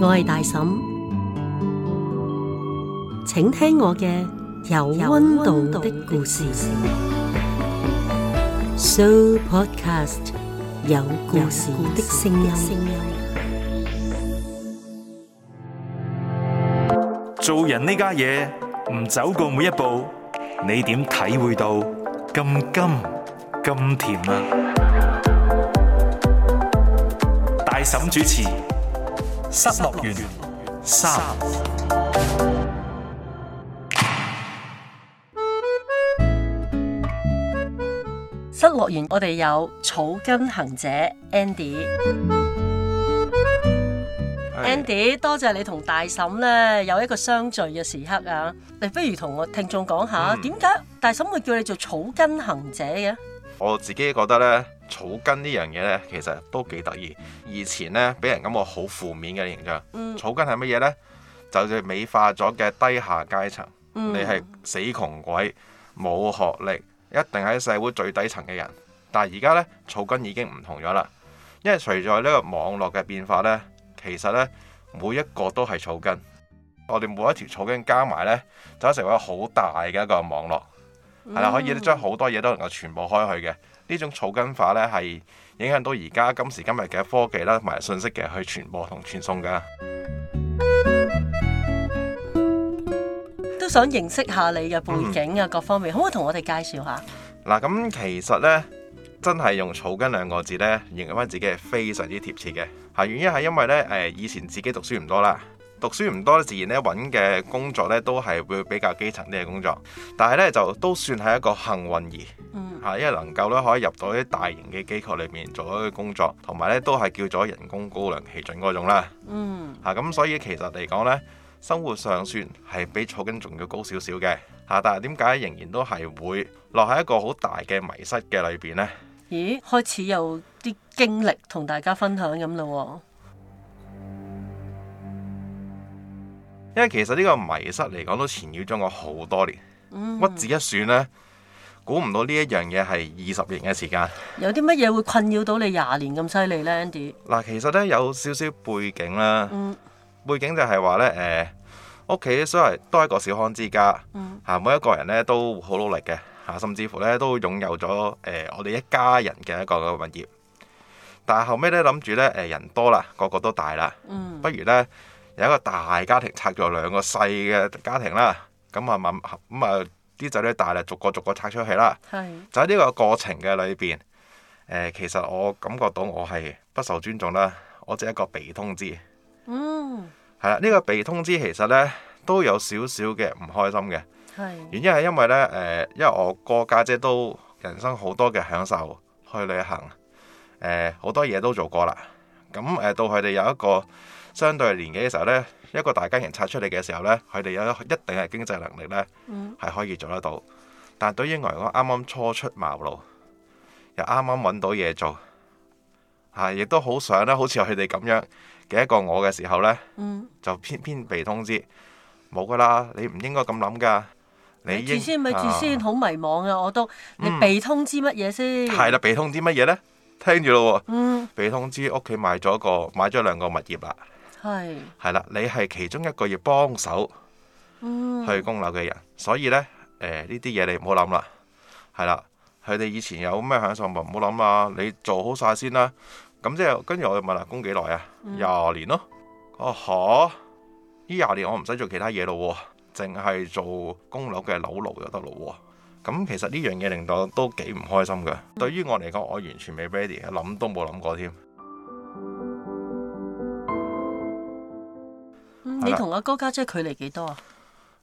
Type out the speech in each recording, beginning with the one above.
我係大嬸，請聽我嘅有溫度的故事。Show Podcast，有故事的聲音。做人呢家嘢唔走過每一步，你點體會到咁甘咁甜啊？大嬸主持。失落園三，失落園我哋有草根行者 Andy，Andy Andy, Hey. 多謝你同大嬸咧有一個相聚嘅時刻啊！你不如同我聽眾講下，點解大嬸會叫你做草根行者嘅？我自己覺得咧。草根呢樣嘢呢，其實都幾得意。以前呢，俾人感覺好負面嘅形象。嗯、草根係乜嘢呢？就係美化咗嘅低下階層。嗯、你係死窮鬼，冇學歷，一定喺社會最底層嘅人。但係而家呢，草根已經唔同咗啦。因為隨住呢個網絡嘅變化呢，其實呢，每一個都係草根。我哋每一條草根加埋呢，就成為好大嘅一個網絡，係啦，可以將好多嘢都能夠傳播開去嘅。呢種草根法呢，係影響到而家今時今日嘅科技啦，同埋信息嘅去傳播同傳送噶。都想認識下你嘅背景啊，嗯、各方面可唔可以同我哋介紹下？嗱，咁其實呢，真係用草根兩個字呢，形容翻自己係非常之貼切嘅吓。原因係因為呢，誒以前自己讀書唔多啦。讀書唔多，自然揾嘅工作咧都係會比較基層啲嘅工作，但係呢就都算係一個幸運兒，嚇、嗯，因為能夠咧可以入到啲大型嘅機構裏面做一個工作，同埋呢都係叫做人工高氣準、糧期準嗰種啦，嚇、啊，咁所以其實嚟講呢，生活上算係比草根仲要高少少嘅，嚇、啊，但係點解仍然都係會落喺一個好大嘅迷失嘅裏邊呢？咦，開始有啲經歷同大家分享咁咯喎！因為其實呢個迷失嚟講都纏繞咗我好多年，嗯、屈指一算咧，估唔到呢一樣嘢係二十年嘅時間。有啲乜嘢會困擾到你廿年咁犀利呢？Andy？嗱，其實呢，有少少背景啦，嗯、背景就係話呢，誒屋企雖然都係一個小康之家，嚇、嗯、每一個人呢都好努力嘅，嚇，甚至乎呢都擁有咗誒、呃、我哋一家人嘅一個物業。但係後尾呢，諗住呢，誒人多啦，個個都大啦，不如呢。有一個大家庭拆咗兩個細嘅家庭啦，咁啊，咁啊，啲仔女大啦，逐個逐個拆出去啦。係是。就喺呢個過程嘅裏邊，誒、呃，其實我感覺到我係不受尊重啦，我只係一個被通知。嗯。係啦，呢、這個被通知其實咧都有少少嘅唔開心嘅。係是。原因係因為咧，誒、呃，因為我哥家姐，姐都人生好多嘅享受，去旅行，誒、呃，好多嘢都做過啦。咁誒，到佢哋有一個。相對年紀嘅時候呢，一個大家庭拆出嚟嘅時候呢，佢哋有一定嘅經濟能力呢，係、嗯、可以做得到。但對於我嚟講，啱啱初出茅廬，又啱啱揾到嘢做，嚇、啊、亦都好想呢，好似佢哋咁樣嘅一個我嘅時候呢，嗯、就偏偏被通知冇噶啦，你唔應該咁諗噶。住先咪住先，先啊、好迷茫啊！我都你被通知乜嘢先？係啦、嗯，被通知乜嘢呢？聽住咯喎，嗯、被通知屋企買咗個買咗兩個物業啦。係，係啦，你係其中一個要幫手去供樓嘅人，嗯、所以咧，誒，呢啲嘢你唔好諗啦，係啦，佢哋以前有咩享受咪唔好諗啦，你做好晒先啦，咁即係跟住我就問啦，供幾耐啊？廿、嗯、年咯，哦、啊、哈，呢廿年我唔使做其他嘢咯、啊，淨係做供樓樓嘅樓奴就得咯、啊，咁其實呢樣嘢令到我都幾唔開心嘅，對於我嚟講，我完全未 ready，諗都冇諗過添。你同阿哥家姐，姐距離幾多啊？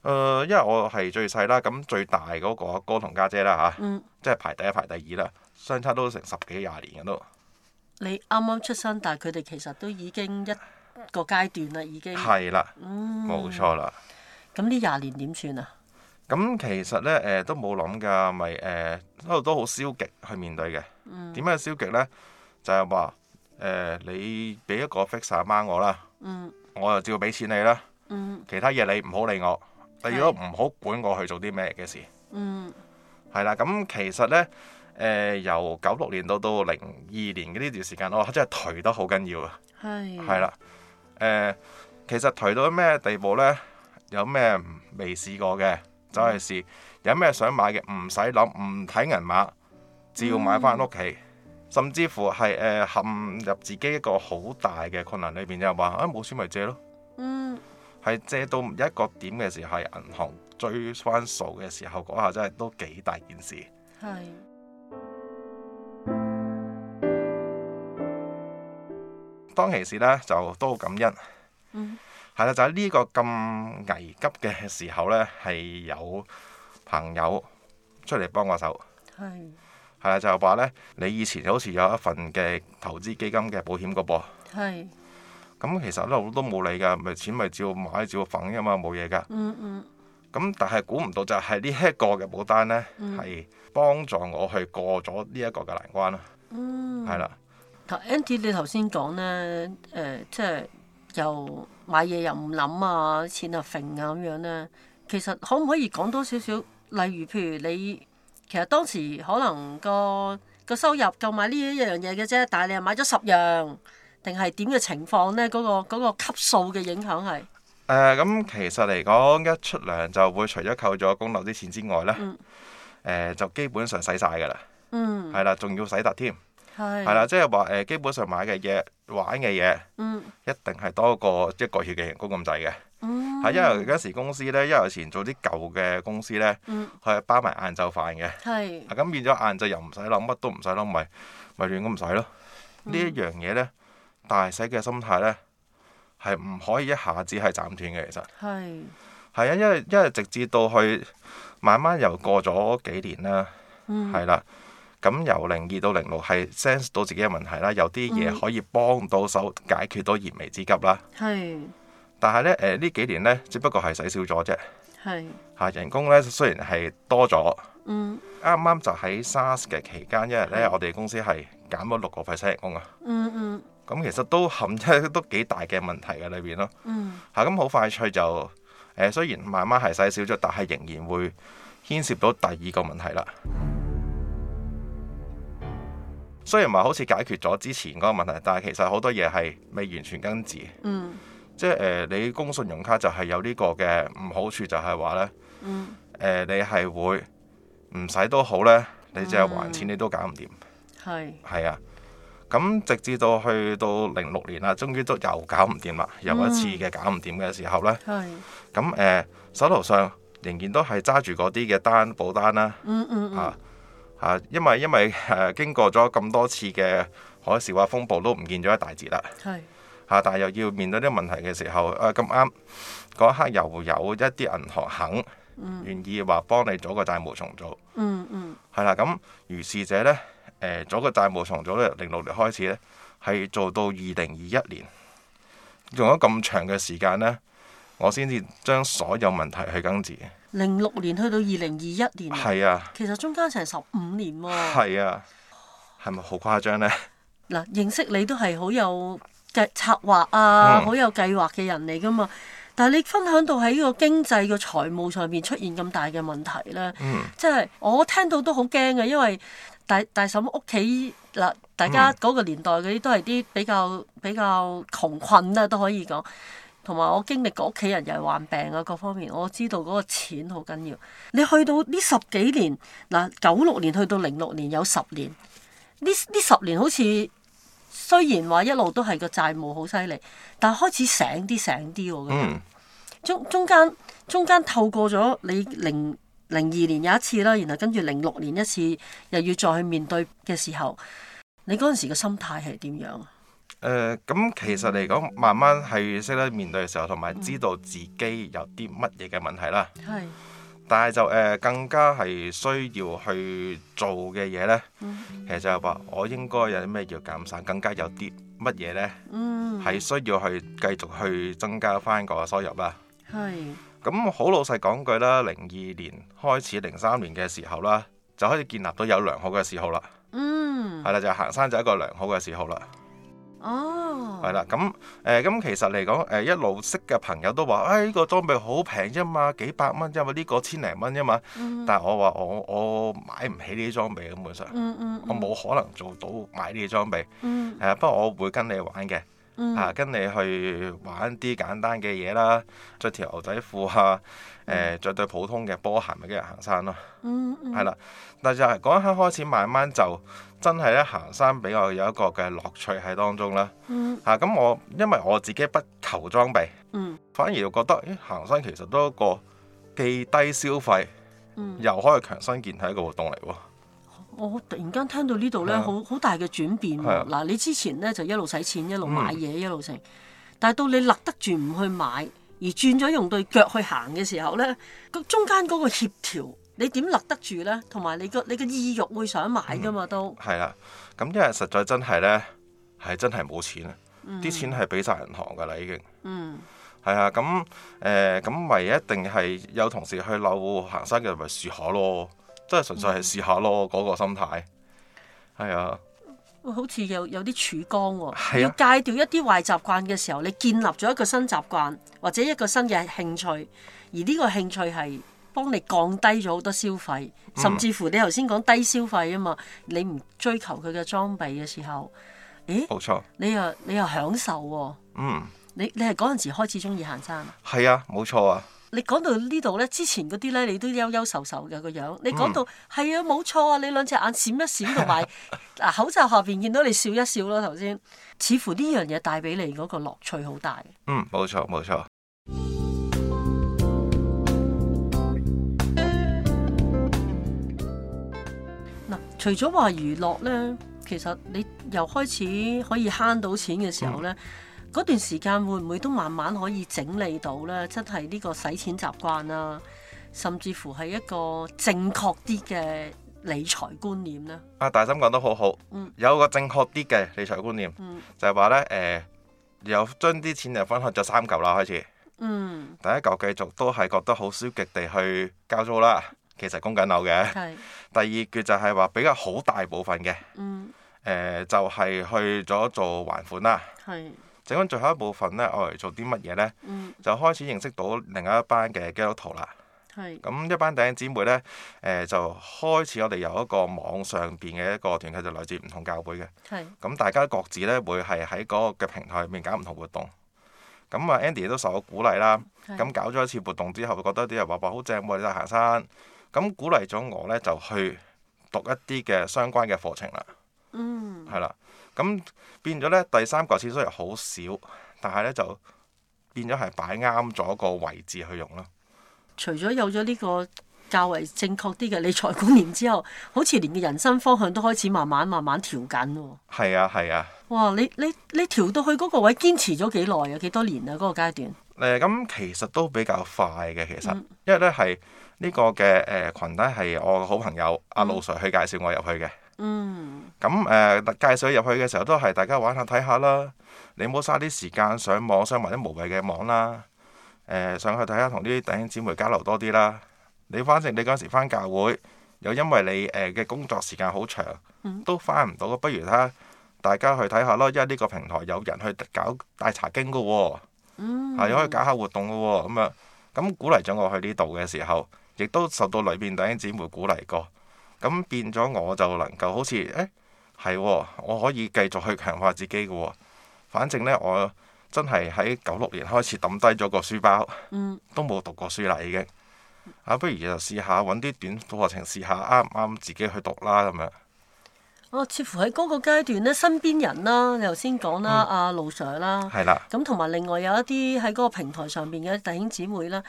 誒、呃，因為我係最細啦，咁最大嗰個阿哥同家姐啦嚇，啊嗯、即係排第一排第二啦，相差都成十幾廿年嘅都。你啱啱出生，但係佢哋其實都已經一個階段啦，已經。係啦了。冇錯啦。咁呢廿年點算啊？咁、嗯、其實咧誒、呃、都冇諗㗎，咪誒嗰度都好消極去面對嘅。嗯。點解消極咧？就係話誒，你俾一個 fixer 掹我啦。嗯。我就照俾錢你啦，嗯、其他嘢你唔好理我，第二都唔好管我去做啲咩嘅事，係啦、嗯。咁其實呢，誒、呃、由九六年到到零二年呢段時間，我真係頹得好緊要啊。係是，係啦。誒、呃，其實頹到咩地步呢？有咩未試過嘅，就去試；嗯、有咩想買嘅，唔使諗，唔睇銀碼，照買翻屋企。嗯甚至乎係誒、呃、陷入自己一個好大嘅困難裏邊，啊、就係話啊冇錢咪借咯，嗯，係借到一個點嘅時候，係銀行追翻數嘅時候，嗰下真係都幾大件事。係是。當其時咧就都好感恩，嗯，係啦，就喺呢個咁危急嘅時候咧，係有朋友出嚟幫我手，係。係啊，就係話咧，你以前好似有一份嘅投資基金嘅保險個噃。係是。咁其實一路都冇理㗎，咪錢咪照買照揈㗎嘛，冇嘢㗎。嗯嗯。咁但係估唔到就係呢一個嘅保單咧，係幫助我去過咗呢一個嘅難關啦。嗯。係啦的。頭 Andy，你頭先講咧，誒、呃，即係又買嘢又唔諗啊，錢又啊揈咁樣咧，其實可唔可以講多少少？例如，譬如你。其實當時可能個個收入夠買呢一樣嘢嘅啫，但係你又買咗十樣，定係點嘅情況咧？嗰、那個嗰、那個級數嘅影響係誒，咁，其實嚟講一出糧就會除咗扣咗供樓啲錢之外咧，誒、嗯呃、就基本上使晒㗎啦，係啦、嗯，仲要使突添，係啦的，即係話誒基本上買嘅嘢、玩嘅嘢，嗯、一定係多過一個月嘅人工咁滯嘅。嗯嗯、因為嗰時公司咧，因為以前做啲舊嘅公司咧，佢係、嗯、包埋晏晝飯嘅。係是。咁變咗晏晝又唔使諗，乜都唔使諗，咪咪亂咁唔使咯。嗯、呢一樣嘢咧，大使嘅心態咧，係唔可以一下子係斬斷嘅，其實。係是。係啊，因為因為直至到去慢慢由過咗幾年啦，係啦、嗯，咁由零二到零六係 sense 到自己嘅問題啦，有啲嘢可以幫到手解決到燃眉之急啦。係。是但係咧，誒、呃、呢幾年咧，只不過係使少咗啫。係吓是人工咧，雖然係多咗。嗯。啱啱就喺 SARS 嘅期間，因為咧，嗯、我哋公司係減咗六個 percent 人工啊。嗯嗯。咁其實都含咗都幾大嘅問題嘅裏邊咯。嗯。吓咁好快脆就，誒、呃、雖然慢慢係使少咗，但係仍然會牽涉到第二個問題啦。嗯、雖然話好似解決咗之前嗰個問題，但係其實好多嘢係未完全根治。嗯。即係誒、呃，你供信用卡就係有呢個嘅唔好處，就係話咧，誒你係會唔使都好咧，你淨係還錢，你都搞唔掂。係係、嗯、啊，咁、嗯啊嗯、直至到去到零六年啦，終於都又搞唔掂啦，又一次嘅搞唔掂嘅時候咧。係咁誒，手頭上仍然都係揸住嗰啲嘅單保單啦、嗯。嗯嗯嗯啊因為因為誒、啊、經過咗咁多次嘅海嘯啊風暴都唔見咗一大截啦。係了。嚇、啊！但係又要面對啲問題嘅時候，誒咁啱嗰一刻又有一啲銀行肯願、嗯、意話幫你做個債務重組。嗯嗯，係、嗯、啦，咁如是者呢，誒做個債務重組咧，零六年開始呢，係做到二零二一年，用咗咁長嘅時間呢，我先至將所有問題去根治。零六年去到二零二一年，係啊，其實中間成十五年喎、哦。係啊，係咪好誇張呢？嗱，認識你都係好有～嘅策劃啊，好有計劃嘅人嚟噶嘛？但係你分享到喺呢個經濟嘅財務上面出現咁大嘅問題咧，即係、嗯、我聽到都好驚嘅，因為大大嬸屋企嗱，大家嗰個年代嗰啲都係啲比較比較窮困啦，都可以講。同埋我經歷過屋企人又係患病啊，各方面我知道嗰個錢好緊要。你去到呢十幾年嗱，呃、九六年去到零六年有十年，呢呢十年好似。雖然話一路都係個債務好犀利，但係開始醒啲醒啲喎。我覺得嗯，中中間中間透過咗你零零二年有一次啦，然後跟住零六年一次，又要再去面對嘅時候，你嗰陣時嘅心態係點樣？誒、呃，咁其實嚟講，慢慢係識得面對嘅時候，同埋知道自己有啲乜嘢嘅問題啦。係、嗯。但係就誒、呃、更加係需要去做嘅嘢咧，嗯、其實就係話我應該有啲咩要減省，更加有啲乜嘢咧，係、嗯、需要去繼續去增加翻個收入啦。係。咁好老實講句啦，零二年開始，零三年嘅時候啦，就開始建立到有良好嘅嗜好啦。嗯。係啦，就行山就係一個良好嘅嗜好啦。哦，係、嗯、啦，咁、呃、誒，咁其實嚟講，誒、呃、一路識嘅朋友都話，誒、哎、呢、這個裝備好平啫嘛，幾百蚊啫嘛，呢、這個千零蚊啫嘛，但係我話我我買唔起呢啲裝備基本上、嗯嗯、我冇可能做到買呢啲裝備，係、呃、啊，不過、嗯、我會跟你玩嘅，啊，跟你去玩啲簡單嘅嘢啦，着條牛仔褲啊，誒、呃、著、嗯、對普通嘅波鞋咪跟人行山咯，係啦，嗯嗯嗯、但就係嗰一刻開始慢慢就。真係咧，行山比較有一個嘅樂趣喺當中啦。嗯，咁、啊、我因為我自己不求裝備，嗯，反而又覺得，咦，行山其實都一個既低消費，嗯、又可以強身健體一個活動嚟喎。我突然間聽到呢度咧的，好好大嘅轉變。係嗱的，你之前咧就一路使錢，一路買嘢，嗯、一路成，但係到你立得住唔去買，而轉咗用對腳去行嘅時候咧，個中間嗰個協調。你點立得住呢？同埋你個你個意欲會想買噶嘛都、嗯？都係啦。咁因為實在真係呢，係真係冇錢啊！啲、嗯、錢係俾晒銀行噶啦，已經。嗯。係啊。咁、嗯、誒，咁咪、嗯、一定係有同事去溜行山嘅咪試下咯，即係純粹係試下咯，嗰、嗯、個心態。係啊。好似有有啲曙光喎、哦。啊、要戒掉一啲壞習慣嘅時候，你建立咗一個新習慣，或者一個新嘅興趣，而呢個興趣係，幫你降低咗好多消費，嗯、甚至乎你頭先講低消費啊嘛，你唔追求佢嘅裝備嘅時候，咦，冇錯，你又你又享受喎、啊，嗯，你你係嗰陣時開始中意行山啊？係啊，冇錯啊。你講到呢度呢，之前嗰啲呢，你都憂憂愁愁嘅個樣。你講到係、嗯、啊，冇錯啊，你兩隻眼閃一閃，同埋嗱口罩下邊見到你笑一笑咯、啊。頭先似乎呢樣嘢帶俾你嗰個樂趣好大。嗯，冇錯冇錯。除咗話娛樂呢，其實你又開始可以慳到錢嘅時候呢，嗰、嗯、段時間會唔會都慢慢可以整理到呢？真係呢個使錢習慣啦，甚至乎係一個正確啲嘅理財觀念呢。啊，大心講得好好，有個正確啲嘅理財觀念，嗯、就係話呢，誒、呃，又將啲錢又分開咗三嚿啦，開始。嗯。第一嚿繼續都係覺得好消極地去交租啦。其實供緊樓嘅，是第二橛就係話比較好大部分嘅，誒、嗯呃、就係、是、去咗做還款啦。整緊是最後一部分咧，我嚟做啲乜嘢咧？嗯、就開始認識到另一班嘅基督徒啦。咁是一班弟兄姊妹咧，誒、呃、就開始我哋由一個網上邊嘅一個團契，就來自唔同教會嘅。咁是大家各自咧會係喺嗰個嘅平台入面搞唔同活動。咁啊 Andy 都受我鼓勵啦，咁是搞咗一次活動之後，覺得啲人話話好正喎，你就行山。咁鼓勵咗我咧，就去讀一啲嘅相關嘅課程啦。嗯，係啦。咁變咗咧，第三個錢雖然好少，但係咧就變咗係擺啱咗個位置去用啦。除咗有咗呢、這個較為正確啲嘅理財觀念之後，好似連嘅人生方向都開始慢慢慢慢調緊喎。係啊，係啊。哇！你你你調到去嗰個位，堅持咗幾耐啊？幾多年啊？嗰、那個階段？誒、嗯，咁其實都比較快嘅，其實，因為咧係。呢個嘅誒羣體係我個好朋友阿路 Sir 去介紹我入去嘅。嗯。咁誒介紹入去嘅時候都係大家玩下睇下啦，你唔好嘥啲時間上網上埋啲無謂嘅網啦。誒上去睇下同啲弟兄姊妹交流多啲啦。你反正你嗰時翻教會，又因為你誒嘅工作時間好長，都翻唔到，不如睇下大家去睇下咯。因為呢個平台有人去搞大查經㗎喎，又可以搞下活動㗎喎。咁啊，咁鼓勵咗我去呢度嘅時候。亦都受到裏邊弟兄姊妹鼓勵過，咁變咗我就能夠好似誒係，我可以繼續去強化自己嘅喎、哦。反正咧，我真係喺九六年開始揼低咗個書包，都冇讀過書啦已經。嗯、啊，不如就試下揾啲短課程試下，啱唔啱自己去讀啦咁樣。哦、啊，似乎喺嗰個階段咧，身邊人啦，你頭先講啦，阿盧 Sir 啦，係啦，咁同埋另外有一啲喺嗰個平台上邊嘅弟兄姊妹啦。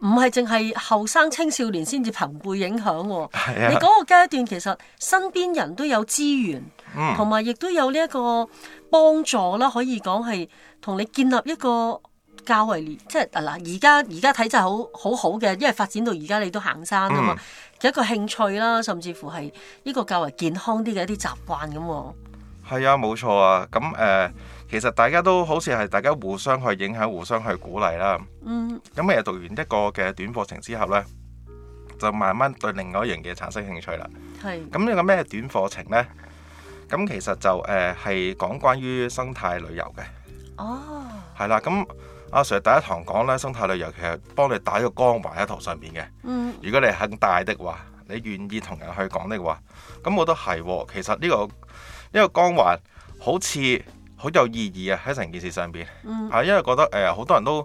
唔係淨係後生青少年先至朋輩影響喎、啊，啊、你嗰個階段其實身邊人都有資源，同埋亦都有呢一個幫助啦、啊，可以講係同你建立一個較為，即係嗱而家而家體質好好好嘅，因為發展到而家你都行山啊嘛，嘅、嗯、一個興趣啦、啊，甚至乎係一個較為健康啲嘅一啲習慣咁。係啊，冇錯啊，咁誒、啊。其實大家都好似係大家互相去影響，互相去鼓勵啦。咁你又讀完一個嘅短課程之後呢，就慢慢對另外一樣嘢產生興趣啦。咁是，呢個咩短課程呢？咁其實就誒係、呃、講關於生態旅遊嘅。哦，係啦。咁阿、啊、Sir 第一堂講咧生態旅遊，其實幫你打一個光環喺台上面嘅。嗯、如果你係咁大的話，你願意同人去講的話，咁我都係、哦。其實呢、呢個呢、呢個光環好似～好有意義啊！喺成件事上邊，係、啊、因為覺得誒好、呃、多人都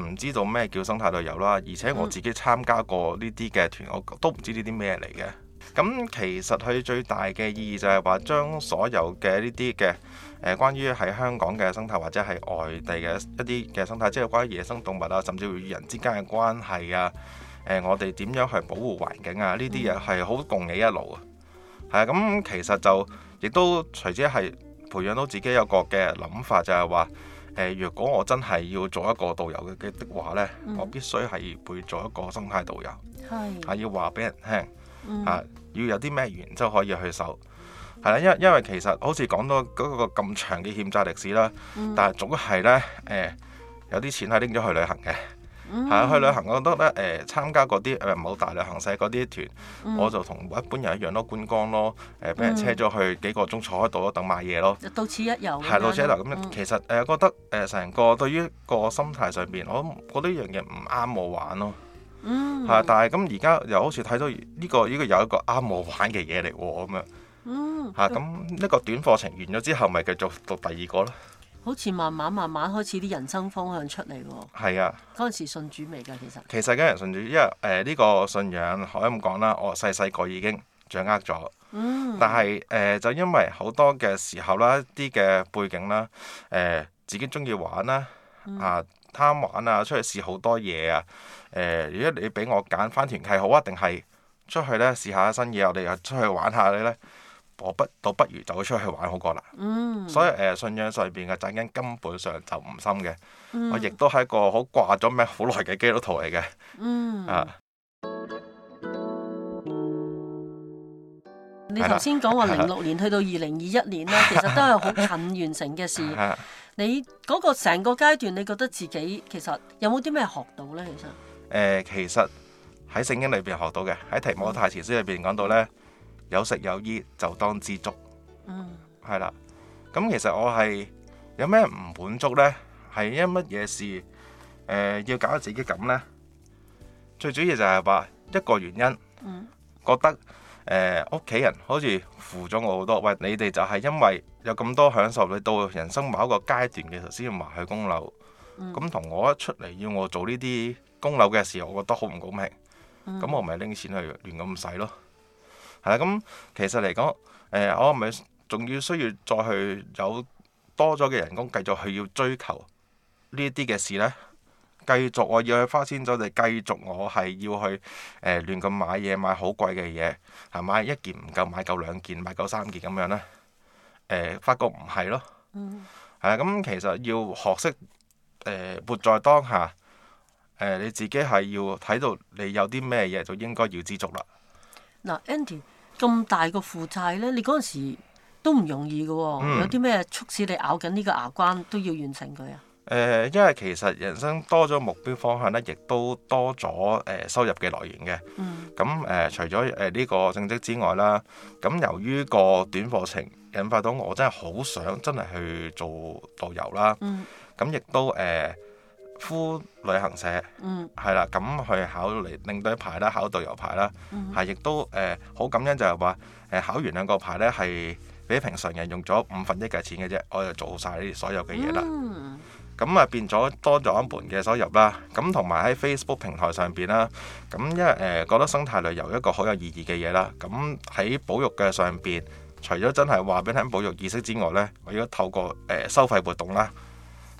唔知道咩叫生態旅遊啦，而且我自己參加過呢啲嘅團，我都唔知呢啲咩嚟嘅。咁其實佢最大嘅意義就係話將所有嘅呢啲嘅誒，關於喺香港嘅生態或者係外地嘅一啲嘅生態，即係關於野生動物啊，甚至與人之間嘅關係啊，誒、呃，我哋點樣去保護環境啊？呢啲嘢係好共你一路啊！係、嗯、啊，咁其實就亦都隨之係。培養到自己有個嘅諗法就，就係話，誒，如果我真係要做一個導遊嘅的話呢、嗯、我必須係會做一個生態導遊，是啊，要話俾人聽，嗯、啊，要有啲咩原則可以去守，係啦，因為因為其實好似講到嗰個咁長嘅欠債歷史啦，但係總係呢，誒、呃，有啲錢係拎咗去旅行嘅。係啊，嗯、去旅行我覺得誒參加嗰啲誒冇大旅行社嗰啲團，嗯、我就同一般人一樣咯，觀光咯，誒、呃、俾人車咗去幾個鐘坐喺度咯，等買嘢咯，到此一遊。係、嗯，到此一遊咁。其實誒覺得誒成個對於個心態上邊，我覺得樣嘢唔啱我玩咯。嗯。但係咁而家又好似睇到呢、呢個呢、呢個有一個啱我玩嘅嘢嚟喎，咁樣。嗯。咁一、啊、個短課程完咗之後，咪繼續讀第二個咯。好似慢慢慢慢開始啲人生方向出嚟喎。係啊。嗰陣時信主未㗎，其實。其實梗係信主，因為誒呢、呃呢個信仰可以咁講啦。我細細個已經掌握咗。嗯、但係誒、呃、就因為好多嘅時候啦，一啲嘅背景啦，誒、呃、自己中意玩啦，啊、呃、貪玩啊，出去試好多嘢啊。誒、呃，如果你俾我揀，返團契好啊，定係出去咧試下新嘢，我哋又出去玩下你咧？我不倒不如走去出去玩好過啦。嗯。所以誒、呃，信仰上邊嘅震驚根本上就唔深嘅。嗯、我亦都係一個好掛咗名好耐嘅基督徒嚟嘅。嗯。啊。嗯、你頭先講話零六年去到二零二一年咧，其實都係好近完成嘅事。 你嗰個成個階段，你覺得自己其實有冇啲咩學到咧？其實。誒、呃，其實喺聖經裏邊學到嘅，喺提摩太前書裏邊講到咧。 有食有衣就當知足，嗯，係啦。咁其實我係有咩唔滿足呢？係因乜嘢事，呃、要搞到自己咁呢？最主要就係話一個原因，嗯，覺得屋企，呃、人好似負咗我好多，喂，你哋就係因為有咁多享受，你到人生某一個階段嘅時候先要埋去供樓，咁同，嗯、我一出嚟，要我做呢啲供樓嘅事，我覺得好唔公平，咁，嗯、我咪拎錢去亂咁使咯。係啦，咁其實嚟講，誒、呃、我係咪仲要需要再去有多咗嘅人工繼續去要追求呢啲嘅事咧？繼續我要去花錢咗，就繼續我係要去誒亂咁買嘢，買好貴嘅嘢，係買一件唔夠，買夠兩件，買夠三件咁樣咧。誒、呃，發覺唔係咯。係、嗯、啊，咁其實要學識誒活在當下。誒、呃，你自己係要睇到你有啲咩嘢就應該要知足啦。嗱，Andy、嗯。咁大個負債咧，你嗰陣時都唔容易嘅喎、哦，嗯、有啲咩促使你咬緊呢個牙關都要完成佢啊？誒、呃，因為其實人生多咗目標方向咧，亦都多咗誒、呃、收入嘅來源嘅。咁誒、嗯呃，除咗誒呢個正職之外啦，咁由於個短課程引發到我，我真係好想真係去做導遊啦。咁亦、嗯、都誒。呃夫旅行社係啦，咁去考嚟領隊牌啦，考導遊牌啦，係亦、mm hmm. 都誒好、呃、感恩就，就係話誒考完兩個牌咧，係比平常人用咗五分一嘅錢嘅啫，我就做晒呢啲所有嘅嘢啦。咁啊、mm hmm. 變咗多咗一盤嘅收入啦。咁同埋喺 Facebook 平台上邊啦，咁因為誒覺得生態旅遊一個好有意義嘅嘢啦。咁喺保育嘅上邊，除咗真係話俾佢保育意識之外咧，我如果透過誒、呃、收費活動啦，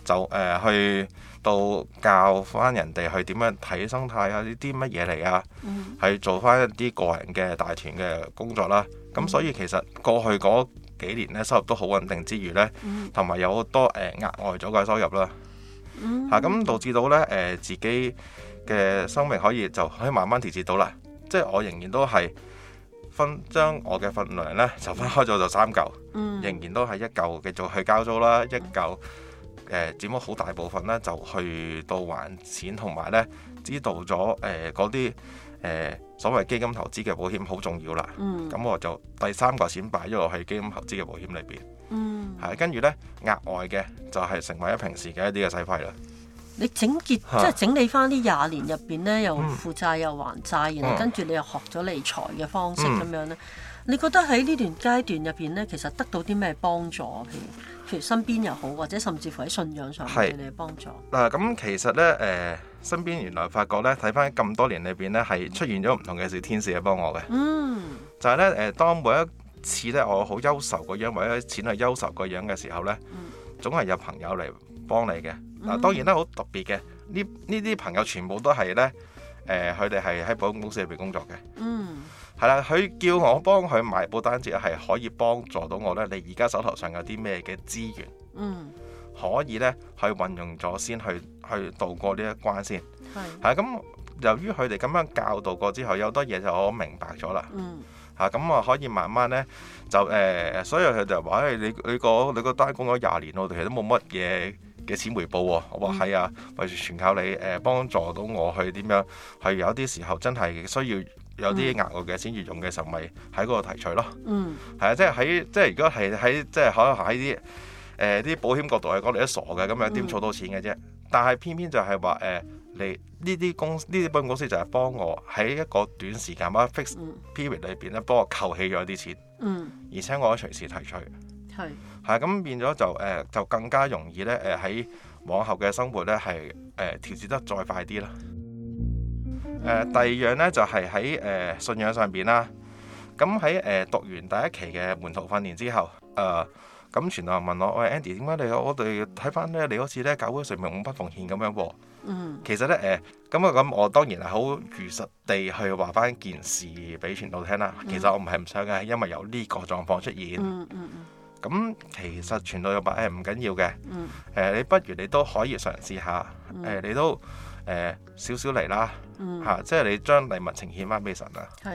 就誒、呃、去。到教翻人哋去點樣睇生態啊？呢啲乜嘢嚟啊？係做翻一啲個人嘅大團嘅工作啦。咁所以其實過去嗰幾年咧，收入都好穩定之餘咧，同埋有好多誒額外組嘅收入啦。嚇咁導致到咧誒自己嘅生命可以就可以慢慢調節到啦。即係我仍然都係分將我嘅份糧咧就分開咗做三嚿，仍然都係一嚿繼續去交租啦，一嚿。誒，這麼好大部分咧就去到還錢，同埋咧知道咗誒嗰啲誒所謂基金投資嘅保險好重要啦。嗯，咁我就第三個錢擺咗落去基金投資嘅保險裏邊。嗯，係跟住咧額外嘅就係成為咗平時嘅一啲嘅使費啦。你整結、啊、即係整理翻呢廿年入邊咧，又負債又還債，嗯、然後跟住你又學咗理財嘅方式咁樣咧，嗯、你覺得喺呢段階段入邊咧，其實得到啲咩幫助？譬如譬如身邊又好，或者甚至乎喺信仰上俾你嘅幫助。嗱，咁其實咧，誒、呃、身邊原來發覺咧，睇返咁多年裏邊咧，係出現咗唔同嘅事，天使係幫我嘅。嗯，就係咧，誒、呃、當每一次咧，我好憂愁個樣，或者錢啊憂愁個樣嘅時候咧，嗯、總係有朋友嚟幫你嘅。嗱、啊、當然啦，好特別嘅呢呢啲朋友全部都係咧，誒佢哋係喺保險公司入邊工作嘅。嗯。係啦，佢叫我幫佢買部單車，係可以幫助到我咧。你而家手頭上有啲咩嘅資源？嗯，可以咧去運用咗先，去去渡過呢一關先。係是，係咁由於佢哋咁樣教導過之後，有多嘢就我明白咗啦。嗯，吓咁啊，可以慢慢咧就誒、呃，所以佢就話：，誒、欸，你你個你個單供咗廿年，我哋其實都冇乜嘢嘅錢回報喎、哦。我話係啊，完、嗯、全靠你誒幫、呃、助到我去點樣，係有啲時候真係需要。有啲額外嘅錢要用嘅時候，咪喺嗰個提取咯。嗯，係啊，即係喺即係如果係喺即係可能喺啲誒啲保險角度嚟講，你都傻嘅咁樣，點儲到錢嘅啫？嗯、但係偏偏就係話誒，你呢啲公司呢啲保險公司就係幫我喺一個短時間啊 fix period 裏邊咧幫我扣起咗啲錢。嗯，而且我可以隨時提取。係係咁變咗就誒、呃、就更加容易咧誒喺往後嘅生活咧係誒調節得再快啲啦。誒第二樣咧就係喺誒信仰上面啦。咁喺誒讀完第一期嘅門徒訓練之後，誒咁傳道人問我：，喂、欸、Andy 點解你我哋睇翻咧你好似咧教會上面永不奉獻咁樣噃？嗯、其實咧誒咁啊咁我當然係好如實地去話翻件事俾傳道聽啦。其實我唔係唔想嘅，因為有呢個狀況出現。嗯咁其實傳道又話誒唔緊要嘅。嗯、呃呃。你不如你都可以嘗試下。嗯、呃。你都。誒少少嚟啦，嚇、嗯啊，即係你將禮物呈獻翻俾神啦是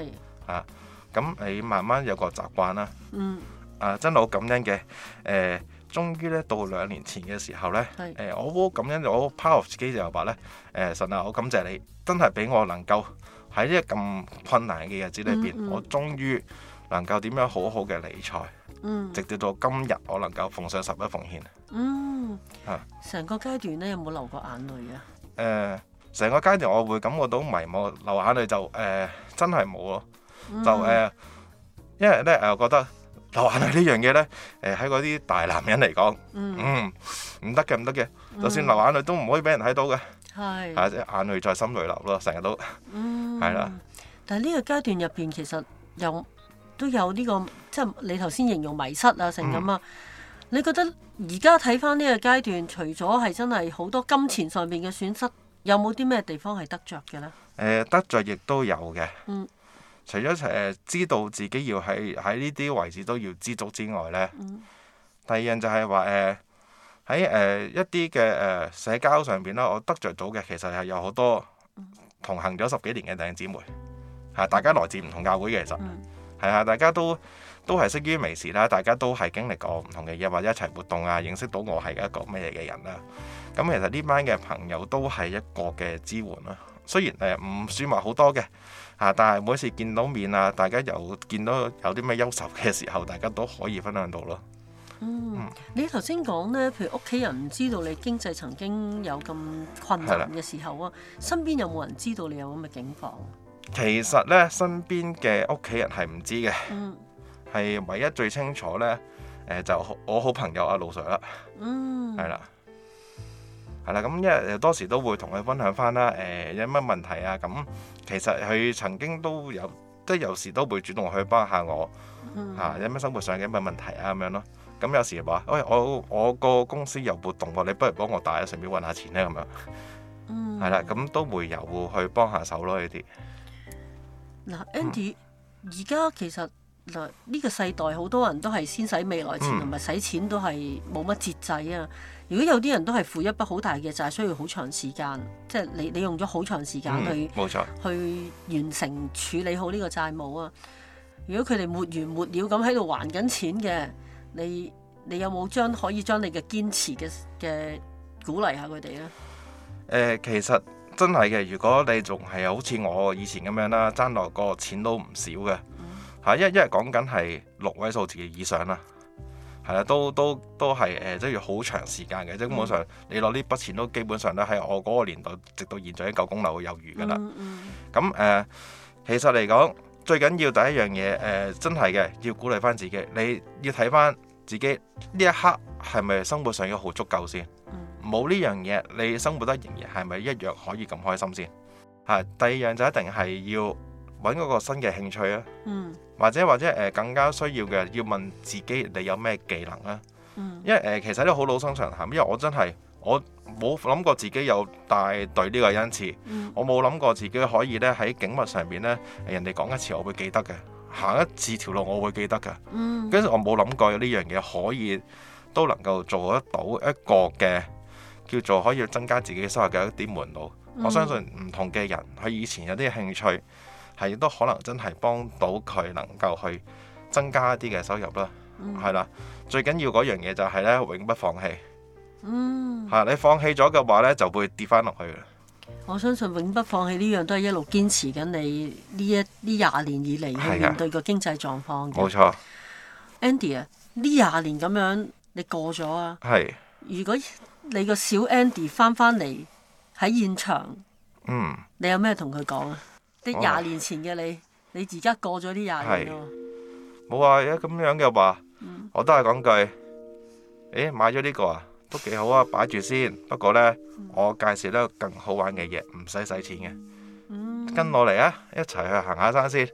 啊！係嚇，咁你慢慢有個習慣啦。嗯，啊真係好感恩嘅。誒、啊，終於咧到兩年前嘅時候咧，誒我好感恩，我，我 power 自己就話咧，誒、啊、神啊，我感謝你，真係俾我能夠喺呢個咁困難嘅日子裏邊，嗯嗯、我終於能夠點樣好好嘅理財，嗯、直至到今日我能夠奉上十一奉獻。嗯嚇，成、嗯、個階段咧有冇流過眼淚啊？誒，成、呃、個階段我會感覺到迷茫，流眼淚就誒、呃，真係冇咯，嗯、就誒、呃，因為咧誒、呃，覺得流眼淚呢樣嘢咧，誒喺嗰啲大男人嚟講，嗯，唔得嘅唔得嘅，嗯、就算流眼淚都唔可以俾人睇到嘅，係、嗯，啊，隻眼淚在心裏流咯，成日都， 的嗯，係啦。但係呢個階段入邊其實又都有呢、呢個，即係你頭先形容迷失啊成，成咁啊，你覺得？而家睇翻呢個階段，除咗係真係好多金錢上面嘅損失，有冇啲咩地方係得着嘅呢？誒，得着亦都有嘅。嗯、除咗誒知道自己要係喺呢啲位置都要知足之外呢，嗯、第二樣就係話誒喺誒一啲嘅誒社交上邊咧，我得着到嘅其實係有好多同行咗十幾年嘅靚姊妹，嚇大家來自唔同教會嘅，其實係啊、嗯，大家都。都係識於微時啦，大家都係經歷過唔同嘅嘢，或者一齊活動啊，認識到我係一個咩嘢嘅人啦。咁其實呢班嘅朋友都係一個嘅支援啦。雖然誒唔算話好多嘅嚇，但係每次見到面啊，大家又見到有啲咩憂愁嘅時候，大家都可以分享到咯。嗯嗯，你頭先講呢，譬如屋企人唔知道你經濟曾經有咁困難嘅時候啊，的身邊有冇人知道你有咁嘅境況啊？其實呢，身邊嘅屋企人係唔知嘅。嗯係唯一最清楚咧，誒就我好朋友阿老 Sir 啦，嗯，係啦，係啦，咁因為多時都會同佢分享翻啦，誒有乜問題啊？咁其實佢曾經都有，即係有時都會主動去幫下我，嚇有乜生活上嘅乜問題啊咁樣咯。咁有時話，喂我我個公司有活動喎，你不如幫我帶下順便揾下錢咧咁樣，嗯，係啦，咁都會有去幫下手咯呢啲。嗱，Andy 而家其實。呢個世代好多人都係先使未來錢，同埋使錢都係冇乜節制啊！如果有啲人都係負一筆好大嘅債，即係、需要好長時間，即係你你用咗好長時間去冇錯，嗯、冇錯去完成處理好呢個債務啊！如果佢哋沒完沒了咁喺度還緊錢嘅，你你有冇將可以將你嘅堅持嘅嘅鼓勵下佢哋咧？誒、呃，其實真係嘅，如果你仲係好似我以前咁樣啦，爭落個錢都唔少嘅。嚇，一一日講緊係六位數字以上啦，係啦，都都都係誒，都，都、呃即係、要好長時間嘅，即係、嗯、基本上你攞呢筆錢都基本上都係我嗰個年代，直到現在啲九公樓嘅有餘噶啦。咁誒、嗯嗯呃，其實嚟講最緊要第一樣嘢誒、呃，真係嘅要鼓勵翻自己，你要睇翻自己呢一刻係咪生活上要好足夠先，冇呢、嗯、樣嘢你生活得仍然係咪一樣可以咁開心先？嚇、嗯，第二樣就一定係要揾嗰個新嘅興趣啊。嗯嗯或者或者誒、呃、更加需要嘅，要問自己你有咩技能咧？嗯、因為誒、呃、其實都好老生常談，因為我真係我冇諗過自己有帶隊呢個恩賜，嗯、我冇諗過自己可以咧喺景物上邊咧，人哋講一次我會記得嘅，行一次條路我會記得嘅，跟住、嗯、我冇諗過呢樣嘢可以都能夠做得到一個嘅叫做可以增加自己嘅收入嘅一啲門路。嗯、我相信唔同嘅人佢以前有啲興趣。係都可能真係幫到佢能夠去增加一啲嘅收入啦，係啦。最緊要嗰樣嘢就係咧，永不放棄。嗯，係你放棄咗嘅話咧，就會跌翻落去。我相信永不放棄呢樣都係一路堅持緊你呢一呢廿年以嚟去面對個經濟狀況嘅。冇錯，Andy 啊，呢廿年咁樣你過咗啊。係的。如果你個小 Andy 翻翻嚟喺現場，嗯，你有咩同佢講啊？啲廿年前嘅你，你而家過咗呢廿年咯。冇啊，而家咁樣嘅話，我都係講句，誒，買咗呢個啊，都幾好啊，擺住先。不過咧，我介紹咧更好玩嘅嘢，唔使使錢嘅。嗯，跟我嚟啊，一齊去行下山先。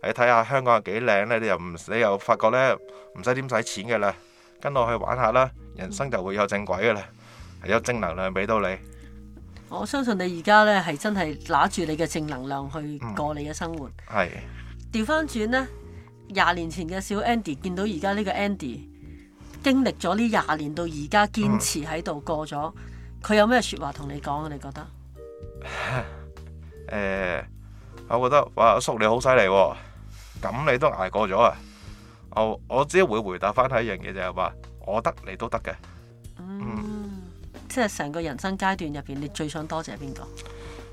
你睇下香港有幾靚咧？你又唔，你又發覺咧，唔使點使錢嘅啦。跟我去玩下啦，人生就會有正軌嘅啦，係有正能量俾到你。我相信你而家咧係真係拿住你嘅正能量去過你嘅生活。係調翻轉呢，廿年前嘅小 Andy 見到而家呢個 Andy，經歷咗呢廿年到而家堅持喺度過咗，佢、嗯、有咩說話同你講啊？你覺得？誒、 欸，我覺得哇，叔，叔你好犀利，咁你都挨過咗啊！我我只會回答翻係一樣嘢，就係話我得，你都得嘅。嗯。嗯即係成個人生階段入邊，你最想多謝邊個？誒、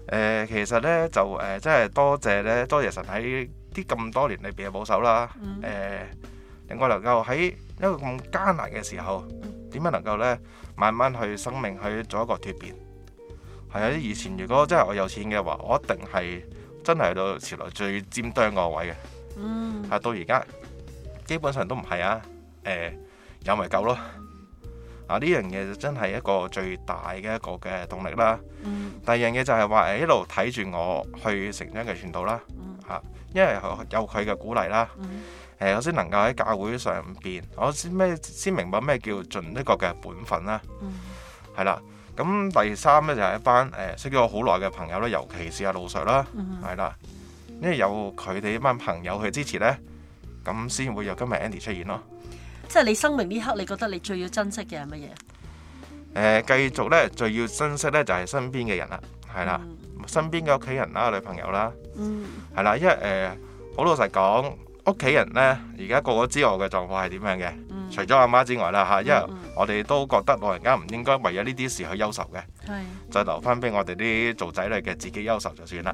呃，其實咧就誒，即、呃、係多謝咧，多謝神喺啲咁多年裏邊嘅保守啦。誒、嗯，我、呃、能夠喺一個咁艱難嘅時候，點、嗯、樣能夠咧慢慢去生命去做一個蛻變？係啊！以前如果真係我有錢嘅話，我一定係真係到度潮流最尖端個位嘅。嗯，係到而家基本上都唔係啊。誒、呃，有咪夠咯？啊！呢樣嘢就真係一個最大嘅一個嘅動力啦。嗯、第二樣嘢就係話誒、一路睇住我去成長嘅傳道啦。嚇、嗯，因為有佢嘅鼓勵啦，誒、嗯呃、我先能夠喺教會上邊，我先咩先明白咩叫盡呢個嘅本分啦。係、嗯、啦，咁第三呢，就係一班誒、呃、識咗我好耐嘅朋友咧，尤其是阿路 Sir 啦，係、嗯、啦，因為有佢哋一班朋友去支持呢，咁先會有今日 Andy 出現咯。即係你生命呢刻，你覺得你最要珍惜嘅係乜嘢？誒、呃，繼續咧，最要珍惜咧就係、是、身邊嘅人啦，係啦、嗯，身邊嘅屋企人啦，女朋友啦，係、嗯、啦，因為誒，好、呃、老實講，屋企人呢，而家個個知我嘅狀況係點樣嘅，嗯、除咗阿媽之外啦吓，因為嗯嗯我哋都覺得老人家唔應該為咗呢啲事去憂愁嘅，是就留翻俾我哋啲做仔女嘅自己憂愁就算啦。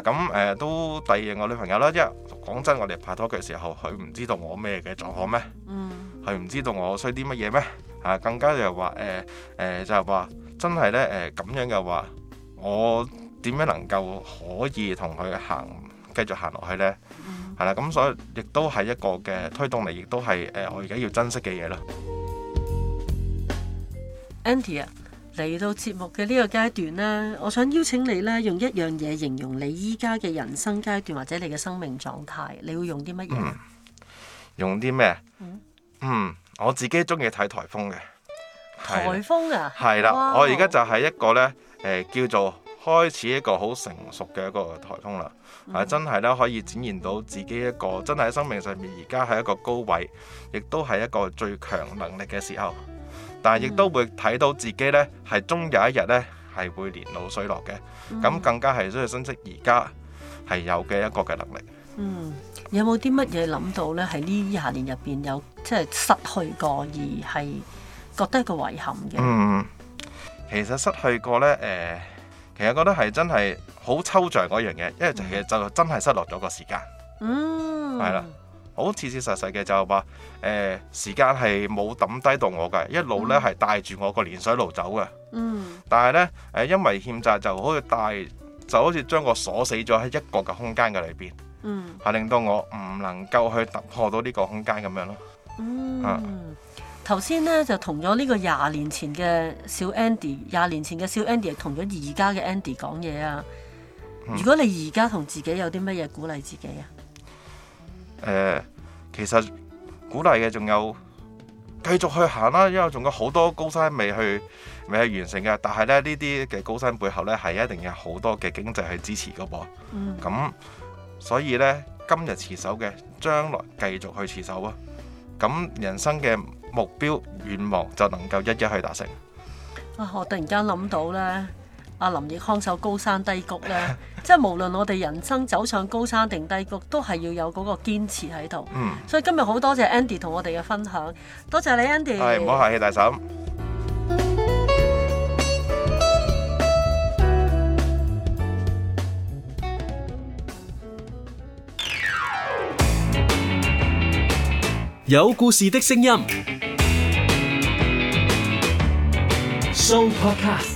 咁誒、啊呃、都第二我女朋友啦，即係講真，我哋拍拖嘅時候，佢唔知道我咩嘅狀況咩？佢唔、嗯、知道我需要啲乜嘢咩？啊，更加又、呃呃就是呃、話誒誒就話真係咧誒咁樣嘅話我點樣能夠可以同佢行繼續行落去呢？係啦、嗯，咁所以亦都係一個嘅推動力，亦都係誒我而家要珍惜嘅嘢啦。Andy 啊、嗯！嗯嚟到節目嘅呢個階段咧，我想邀請你呢，用一樣嘢形容你依家嘅人生階段或者你嘅生命狀態，你會用啲乜嘢？用啲咩？嗯，嗯，我自己鍾意睇颱風嘅。颱風啊？係啦的，哦、我而家就係一個呢，誒、呃、叫做開始一個好成熟嘅一個颱風啦，係、嗯啊、真係咧可以展現到自己一個真係喺生命上面而家係一個高位，亦都係一個最強能力嘅時候。但係亦都會睇到自己呢，係終有一日呢，係會年老衰落嘅，咁更加係需要珍惜而家係有嘅一個嘅能力。嗯，有冇啲乜嘢諗到呢？喺呢廿年入邊有即係失去過而係覺得一個遺憾嘅？嗯，其實失去過呢，誒、呃，其實覺得係真係好抽象嗰樣嘢，因為其實就真係失落咗個時間。嗯，係啦。好切切實實嘅就話，誒、呃，時間係冇抌低到我嘅，一路咧係帶住我個連水路走嘅。嗯。但係咧，誒，因為欠債就好似帶，就好似將我鎖死咗喺一個嘅空間嘅裏邊。嗯。係令到我唔能夠去突破到呢個空間咁樣咯。嗯。頭先咧就同咗呢個廿年前嘅小 Andy，廿年前嘅小 Andy 同咗而家嘅 Andy 講嘢啊。嗯、如果你而家同自己有啲乜嘢鼓勵自己啊？誒、呃，其實鼓勵嘅仲有繼續去行啦，因為仲有好多高山未去未去完成嘅。但係咧，呢啲嘅高山背後呢，係一定有好多嘅經濟去支持噶噃。咁、嗯、所以呢，今日持守嘅，將來繼續去持守啊！咁人生嘅目標願望就能夠一一去達成。啊！我突然間諗到呢。阿林奕匡首《高山低谷》咧， 即係無論我哋人生走上高山定低谷，都係要有嗰個堅持喺度。嗯、所以今日好多謝 Andy 同我哋嘅分享，多謝你 Andy。係唔好客氣，大嬸。 有故事的聲音。So Podcast